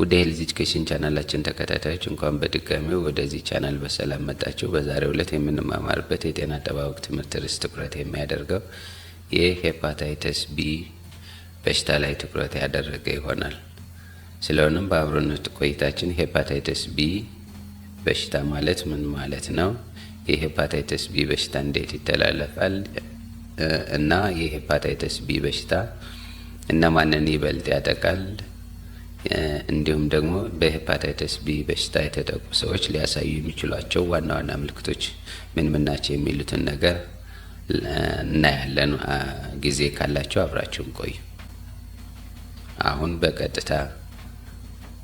ውድ ሄልዝ ኤጁኬሽን ቻናላችን ተከታታዮች እንኳን በድጋሚ ወደዚህ ቻናል በሰላም መጣችሁ። በዛሬው ዕለት የምንማማርበት የጤና አጠባበቅ ትምህርት ርዕስ ትኩረት የሚያደርገው የሄፓታይተስ ቢ በሽታ ላይ ትኩረት ያደረገ ይሆናል። ስለሆነም በአብሮነት ቆይታችን ሄፓታይተስ ቢ በሽታ ማለት ምን ማለት ነው? የሄፓታይተስ ቢ በሽታ እንዴት ይተላለፋል? እና የሄፓታይተስ ቢ በሽታ እነማንን ይበልጥ ያጠቃል? እንዲሁም ደግሞ በሄፓታይተስ ቢ በሽታ የተጠቁ ሰዎች ሊያሳዩ የሚችሏቸው ዋና ዋና ምልክቶች ምን ምን ናቸው የሚሉትን ነገር እናያለን። ጊዜ ካላቸው አብራችሁን ቆዩ። አሁን በቀጥታ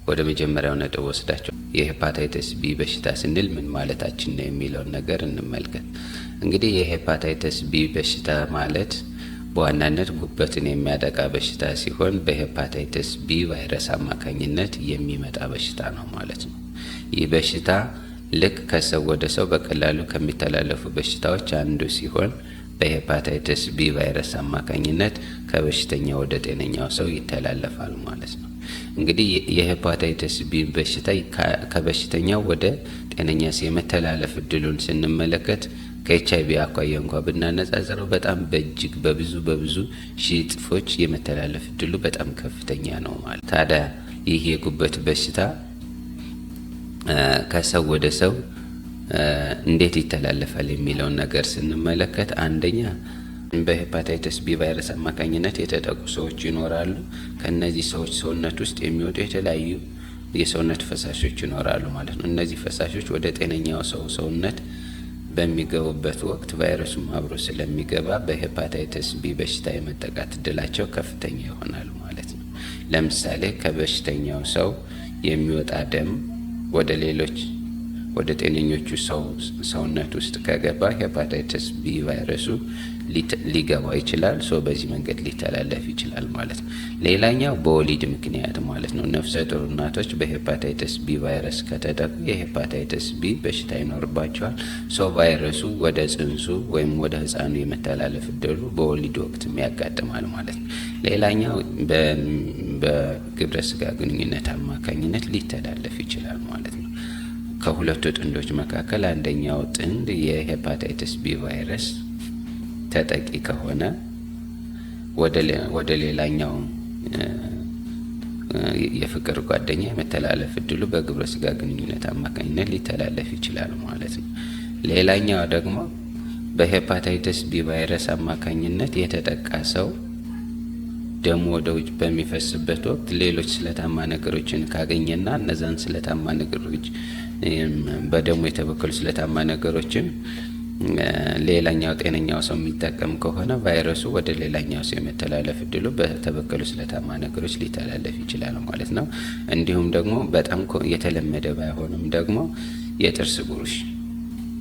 ወደ መጀመሪያው ነጥብ ወስዳቸው የሄፓታይተስ ቢ በሽታ ስንል ምን ማለታችን ነው የሚለውን ነገር እንመልከት። እንግዲህ የሄፓታይተስ ቢ በሽታ ማለት በዋናነት ጉበትን የሚያጠቃ በሽታ ሲሆን በሄፓታይተስ ቢ ቫይረስ አማካኝነት የሚመጣ በሽታ ነው ማለት ነው። ይህ በሽታ ልክ ከሰው ወደ ሰው በቀላሉ ከሚተላለፉ በሽታዎች አንዱ ሲሆን በሄፓታይተስ ቢ ቫይረስ አማካኝነት ከበሽተኛ ወደ ጤነኛው ሰው ይተላለፋል ማለት ነው። እንግዲህ የሄፓታይተስ ቢ በሽታ ከበሽተኛው ወደ ጤነኛ ሰው የመተላለፍ እድሉን ስንመለከት ከኤች አይቪ አኳያ እንኳ ብናነጻጽረው በጣም በእጅግ በብዙ በብዙ ሺ ጥፎች የመተላለፍ እድሉ በጣም ከፍተኛ ነው ማለት። ታዲያ ይህ የጉበት በሽታ ከሰው ወደ ሰው እንዴት ይተላለፋል የሚለውን ነገር ስንመለከት አንደኛ በሄፓታይተስ ቢ ቫይረስ አማካኝነት የተጠቁ ሰዎች ይኖራሉ። ከእነዚህ ሰዎች ሰውነት ውስጥ የሚወጡ የተለያዩ የሰውነት ፈሳሾች ይኖራሉ ማለት ነው። እነዚህ ፈሳሾች ወደ ጤነኛው ሰው ሰውነት በሚገቡበት ወቅት ቫይረሱም አብሮ ስለሚገባ በሄፓታይተስ ቢ በሽታ የመጠቃት እድላቸው ከፍተኛ ይሆናል ማለት ነው። ለምሳሌ ከበሽተኛው ሰው የሚወጣ ደም ወደ ሌሎች ወደ ጤነኞቹ ሰውነት ውስጥ ከገባ ሄፓታይተስ ቢ ቫይረሱ ሊገባ ይችላል። ሰው በዚህ መንገድ ሊተላለፍ ይችላል ማለት ነው። ሌላኛው በወሊድ ምክንያት ማለት ነው። ነፍሰ ጡር እናቶች በሄፓታይተስ ቢ ቫይረስ ከተጠቁ የሄፓታይተስ ቢ በሽታ ይኖርባቸዋል። ሰው ቫይረሱ ወደ ጽንሱ ወይም ወደ ህፃኑ የመተላለፍ እድሉ በወሊድ ወቅትም ያጋጥማል ማለት ነው። ሌላኛው በግብረ ስጋ ግንኙነት አማካኝነት ሊተላለፍ ይችላል ማለት ነው። ከሁለቱ ጥንዶች መካከል አንደኛው ጥንድ የሄፓታይተስ ቢ ቫይረስ ተጠቂ ከሆነ ወደ ሌላኛው የፍቅር ጓደኛ የመተላለፍ እድሉ በግብረ ስጋ ግንኙነት አማካኝነት ሊተላለፍ ይችላል ማለት ነው። ሌላኛው ደግሞ በሄፓታይተስ ቢ ቫይረስ አማካኝነት የተጠቃ ሰው ደሞ ወደ ውጭ በሚፈስበት ወቅት ሌሎች ስለታማ ነገሮችን ካገኘና እነዛን ስለታማ ነገሮች በደሙ የተበከሉ ስለታማ ነገሮችን ሌላኛው ጤነኛው ሰው የሚጠቀም ከሆነ ቫይረሱ ወደ ሌላኛው ሰው የመተላለፍ እድሉ በተበከሉ ስለታማ ነገሮች ሊተላለፍ ይችላል ማለት ነው። እንዲሁም ደግሞ በጣም የተለመደ ባይሆንም ደግሞ የጥርስ ብሩሽ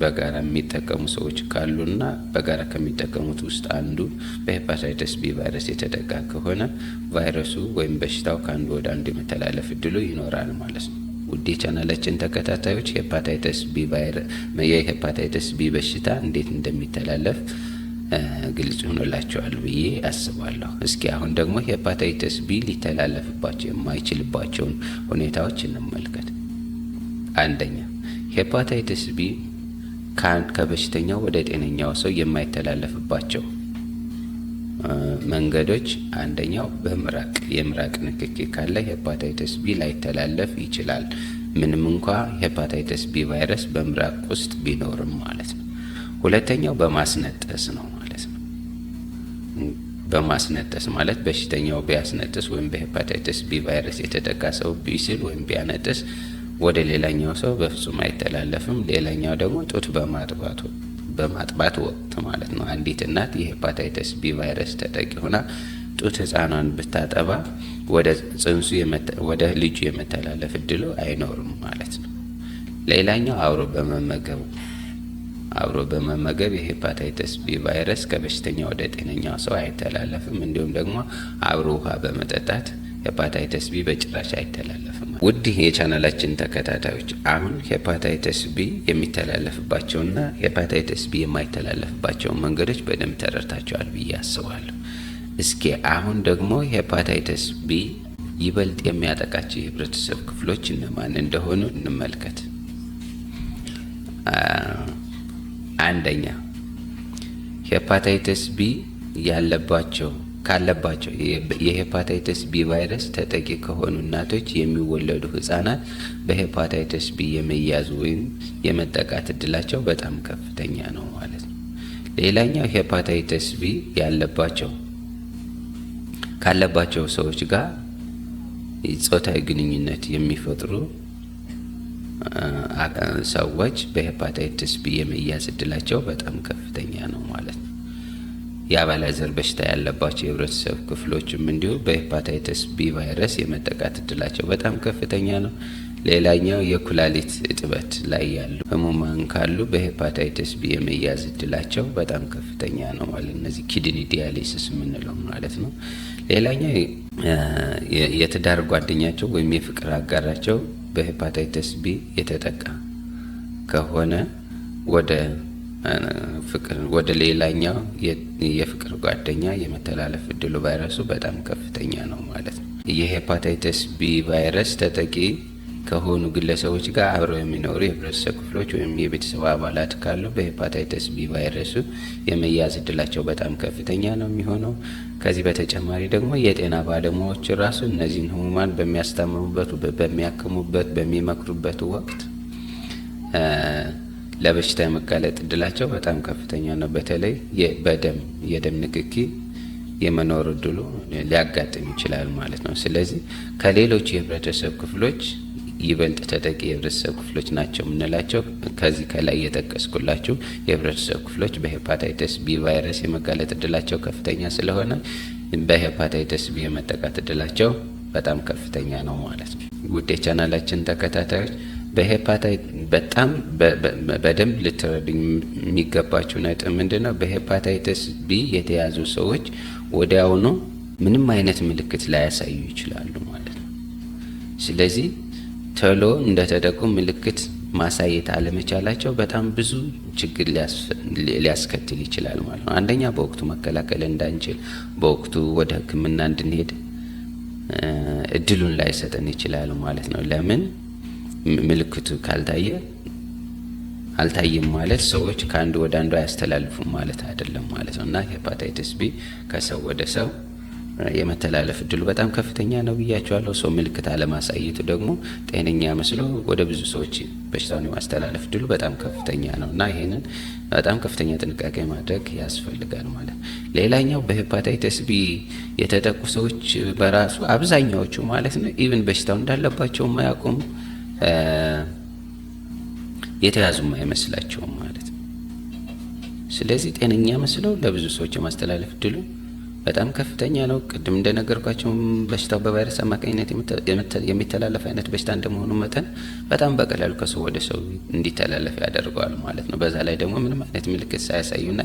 በጋራ የሚጠቀሙ ሰዎች ካሉና በጋራ ከሚጠቀሙት ውስጥ አንዱ በሄፓታይተስ ቢ ቫይረስ የተጠቃ ከሆነ ቫይረሱ ወይም በሽታው ከአንዱ ወደ አንዱ የመተላለፍ እድሉ ይኖራል ማለት ነው። ውድ የቻናላችን ተከታታዮች ሄፓታይተስ ቢ የሄፓታይተስ ቢ በሽታ እንዴት እንደሚተላለፍ ግልጽ ሆኖላቸዋል ብዬ አስባለሁ። እስኪ አሁን ደግሞ ሄፓታይተስ ቢ ሊተላለፍባቸው የማይችልባቸውን ሁኔታዎች እንመልከት። አንደኛ ሄፓታይተስ ቢ ከበሽተኛው ወደ ጤነኛው ሰው የማይተላለፍባቸው መንገዶች አንደኛው በምራቅ የምራቅ ንክኪ ካለ ሄፓታይተስ ቢ ላይተላለፍ ይችላል። ምንም እንኳ ሄፓታይተስ ቢ ቫይረስ በምራቅ ውስጥ ቢኖርም ማለት ነው። ሁለተኛው በማስነጠስ ነው ማለት ነው። በማስነጠስ ማለት በሽተኛው ቢያስነጥስ ወይም በሄፓታይተስ ቢ ቫይረስ የተጠቃ ሰው ቢስል ወይም ቢያነጥስ ወደ ሌላኛው ሰው በፍጹም አይተላለፍም። ሌላኛው ደግሞ ጡት በማጥባቱ በማጥባት ወቅት ማለት ነው። አንዲት እናት የሄፓታይተስ ቢ ቫይረስ ተጠቂ ሆና ጡት ህፃኗን ብታጠባ ወደ ጽንሱ ወደ ልጁ የመተላለፍ እድሉ አይኖርም ማለት ነው። ሌላኛው አብሮ በመመገብ አብሮ በመመገብ የሄፓታይተስ ቢ ቫይረስ ከበሽተኛ ወደ ጤነኛው ሰው አይተላለፍም። እንዲሁም ደግሞ አብሮ ውሃ በመጠጣት ሄፓታይተስ ቢ በጭራሽ አይተላለፍም። ውድ የቻናላችን ተከታታዮች አሁን ሄፓታይተስ ቢ የሚተላለፍባቸውና ሄፓታይተስ ቢ የማይተላለፍባቸውን መንገዶች በደንብ ተረድታቸዋል ብዬ አስባለሁ። እስኪ አሁን ደግሞ ሄፓታይተስ ቢ ይበልጥ የሚያጠቃቸው የህብረተሰብ ክፍሎች እነማን እንደሆኑ እንመልከት። አንደኛ ሄፓታይተስ ቢ ያለባቸው ካለባቸው የሄፓታይተስ ቢ ቫይረስ ተጠቂ ከሆኑ እናቶች የሚወለዱ ህጻናት በሄፓታይተስ ቢ የመያዝ ወይም የመጠቃት እድላቸው በጣም ከፍተኛ ነው ማለት ነው። ሌላኛው ሄፓታይተስ ቢ ያለባቸው ካለባቸው ሰዎች ጋር ጾታዊ ግንኙነት የሚፈጥሩ ሰዎች በሄፓታይተስ ቢ የመያዝ እድላቸው በጣም ከፍተኛ ነው ማለት ነው። የአባላዘር በሽታ ያለባቸው የህብረተሰብ ክፍሎችም እንዲሁ በሄፓታይተስ ቢ ቫይረስ የመጠቃት እድላቸው በጣም ከፍተኛ ነው። ሌላኛው የኩላሊት እጥበት ላይ ያሉ ህሙማን ካሉ በሄፓታይተስ ቢ የመያዝ እድላቸው በጣም ከፍተኛ ነው ማለት እነዚህ ኪድኒ ዲያሊሲስ የምንለው ማለት ነው። ሌላኛው የትዳር ጓደኛቸው ወይም የፍቅር አጋራቸው በሄፓታይተስ ቢ የተጠቃ ከሆነ ወደ ፍቅር ወደ ሌላኛው የፍቅር ጓደኛ የመተላለፍ እድሉ ቫይረሱ በጣም ከፍተኛ ነው ማለት ነው። የሄፓታይተስ ቢ ቫይረስ ተጠቂ ከሆኑ ግለሰቦች ጋር አብረው የሚኖሩ የህብረተሰብ ክፍሎች ወይም የቤተሰብ አባላት ካሉ በሄፓታይተስ ቢ ቫይረሱ የመያዝ እድላቸው በጣም ከፍተኛ ነው የሚሆነው። ከዚህ በተጨማሪ ደግሞ የጤና ባለሙያዎች ራሱ እነዚህን ህሙማን በሚያስታምሙበት፣ በሚያክሙበት፣ በሚመክሩበት ወቅት ለበሽታ የመጋለጥ እድላቸው በጣም ከፍተኛ ነው። በተለይ በደም የደም ንክኪ የመኖር እድሉ ሊያጋጥም ይችላል ማለት ነው። ስለዚህ ከሌሎች የህብረተሰብ ክፍሎች ይበልጥ ተጠቂ የህብረተሰብ ክፍሎች ናቸው የምንላቸው ከዚህ ከላይ የጠቀስኩላችሁ የህብረተሰብ ክፍሎች በሄፓታይተስ ቢ ቫይረስ የመጋለጥ እድላቸው ከፍተኛ ስለሆነ በሄፓታይተስ ቢ የመጠቃት እድላቸው በጣም ከፍተኛ ነው ማለት ነው። ውድ የቻናላችን ተከታታዮች በሄፓታይት በጣም በደንብ ልትረዱኝ የሚገባቸው ነጥብ ምንድን ነው? በሄፓታይተስ ቢ የተያዙ ሰዎች ወዲያውኑ ምንም አይነት ምልክት ላያሳዩ ይችላሉ ማለት ነው። ስለዚህ ቶሎ እንደተጠቁ ምልክት ማሳየት አለመቻላቸው በጣም ብዙ ችግር ሊያስከትል ይችላል ማለት ነው። አንደኛ በወቅቱ መከላከል እንዳንችል፣ በወቅቱ ወደ ሕክምና እንድንሄድ እድሉን ላይሰጠን ይችላል ማለት ነው። ለምን ምልክቱ ካልታየ አልታየም ማለት ሰዎች ከአንድ ወደ አንዱ አያስተላልፉም ማለት አይደለም ማለት ነው እና ሄፓታይትስ ቢ ከሰው ወደ ሰው የመተላለፍ እድሉ በጣም ከፍተኛ ነው ብያቸዋለሁ። ሰው ምልክት አለማሳየቱ ደግሞ ጤነኛ መስሎ ወደ ብዙ ሰዎች በሽታውን የማስተላለፍ እድሉ በጣም ከፍተኛ ነው እና ይህንን በጣም ከፍተኛ ጥንቃቄ ማድረግ ያስፈልጋል ማለት ነው። ሌላኛው በሄፓታይተስ ቢ የተጠቁ ሰዎች በራሱ አብዛኛዎቹ ማለት ነው ኢቭን በሽታው እንዳለባቸው ማያውቁም የተያዙም አይመስላቸውም ማለት ነው። ስለዚህ ጤነኛ መስለው ለብዙ ሰዎች የማስተላለፍ እድሉ በጣም ከፍተኛ ነው። ቅድም እንደነገርኳቸው በሽታው በቫይረስ አማካኝነት የሚተላለፍ አይነት በሽታ እንደመሆኑ መጠን በጣም በቀላሉ ከሰው ወደ ሰው እንዲተላለፍ ያደርገዋል ማለት ነው። በዛ ላይ ደግሞ ምንም አይነት ምልክት ሳያሳዩና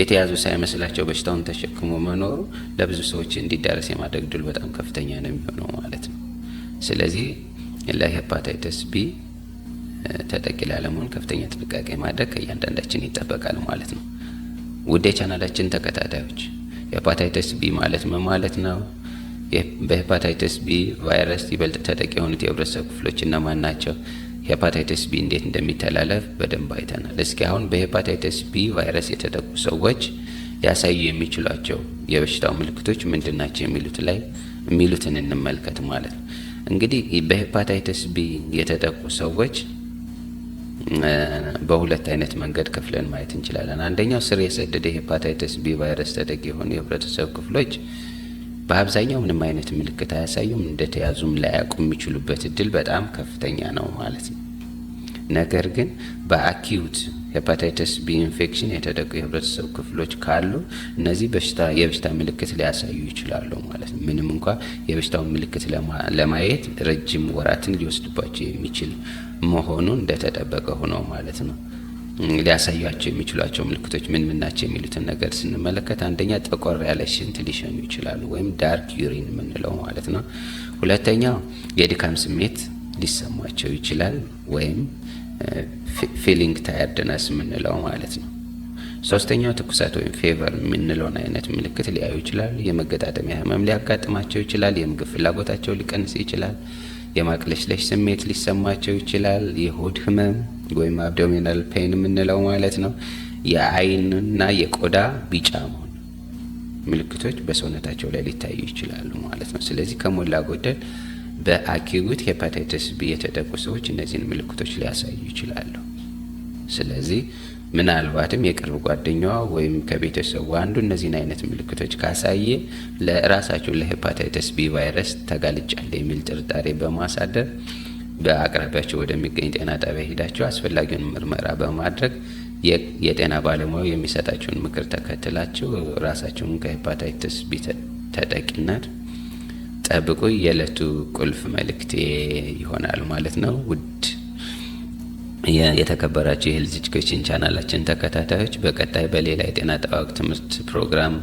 የተያዙ ሳይመስላቸው በሽታውን ተሸክሞ መኖሩ ለብዙ ሰዎች እንዲዳረስ የማድረግ ድሉ በጣም ከፍተኛ ነው የሚሆነው ማለት ነው። ስለዚህ ለሄፓታይተስ ቢ ተጠቂ ላለመሆን ከፍተኛ ጥንቃቄ ማድረግ ከእያንዳንዳችን ይጠበቃል ማለት ነው። ውድ የቻናላችን ተከታታዮች ሄፓታይተስ ቢ ማለት ምን ማለት ነው? በሄፓታይተስ ቢ ቫይረስ ይበልጥ ተጠቂ የሆኑት የህብረተሰብ ክፍሎች እነማን ናቸው? ሄፓታይተስ ቢ እንዴት እንደሚተላለፍ በደንብ አይተናል። እስኪ አሁን በሄፓታይተስ ቢ ቫይረስ የተጠቁ ሰዎች ሊያሳዩ የሚችሏቸው የበሽታው ምልክቶች ምንድን ናቸው የሚሉት ላይ የሚሉትን እንመልከት ማለት ነው። እንግዲህ በሄፓታይተስ ቢ የተጠቁ ሰዎች በሁለት አይነት መንገድ ክፍለን ማየት እንችላለን። አንደኛው ስር የሰደደ ሄፓታይተስ ቢ ቫይረስ ተጠቂ የሆኑ የህብረተሰብ ክፍሎች በአብዛኛው ምንም አይነት ምልክት አያሳዩም። እንደተያዙም ላያውቁ የሚችሉበት እድል በጣም ከፍተኛ ነው ማለት ነው። ነገር ግን በአኪዩት ሄፓታይተስ ቢ ኢንፌክሽን የተጠቁ የህብረተሰብ ክፍሎች ካሉ እነዚህ በሽታ የበሽታ ምልክት ሊያሳዩ ይችላሉ ማለት ነው። ምንም እንኳ የበሽታውን ምልክት ለማየት ረጅም ወራትን ሊወስድባቸው የሚችል መሆኑ እንደተጠበቀ ሆኖ ማለት ነው። ሊያሳያቸው የሚችሏቸው ምልክቶች ምን ምን ናቸው የሚሉትን ነገር ስንመለከት አንደኛ ጠቆር ያለ ሽንት ሊሸኑ ይችላሉ፣ ወይም ዳርክ ዩሪን የምንለው ማለት ነው። ሁለተኛው የድካም ስሜት ሊሰማቸው ይችላል። ወይም ፊሊንግ ታያርድነስ የምንለው ማለት ነው። ሶስተኛው ትኩሳት ወይም ፌቨር የምንለውን አይነት ምልክት ሊያዩ ይችላል። የመገጣጠሚያ ህመም ሊያጋጥማቸው ይችላል። የምግብ ፍላጎታቸው ሊቀንስ ይችላል። የማቅለሽለሽ ስሜት ሊሰማቸው ይችላል። የሆድ ህመም ወይም አብዶሚናል ፔን የምንለው ማለት ነው። የአይንና የቆዳ ቢጫ መሆን ምልክቶች በሰውነታቸው ላይ ሊታዩ ይችላሉ ማለት ነው። ስለዚህ ከሞላ ጎደል በአኪዩት ሄፓታይተስ ቢ የተጠቁ ሰዎች እነዚህን ምልክቶች ሊያሳዩ ይችላሉ። ስለዚህ ምናልባትም የቅርብ ጓደኛዋ ወይም ከቤተሰቡ አንዱ እነዚህን አይነት ምልክቶች ካሳየ ለራሳቸው ለሄፓታይተስ ቢ ቫይረስ ተጋልጫለ የሚል ጥርጣሬ በማሳደር በአቅራቢያቸው ወደሚገኝ ጤና ጣቢያ ሄዳቸው አስፈላጊውን ምርመራ በማድረግ የጤና ባለሙያው የሚሰጣቸውን ምክር ተከትላቸው ራሳቸውን ከሄፓታይተስ ቢ ተጠቂነት ጠብቁ የዕለቱ ቁልፍ መልእክቴ ይሆናል ማለት ነው። ውድ የተከበራችሁ የሄልዝ ኤጁኬሽን ቻናላችን ተከታታዮች በቀጣይ በሌላ የጤና ጠባቅ ትምህርት ፕሮግራም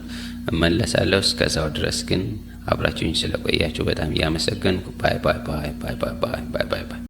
እመለሳለሁ። እስከዛው ድረስ ግን አብራችሁኝ ስለቆያችሁ በጣም እያመሰገንኩ ባይ ባይ ባይ ባይ ባይ ባይ ባይ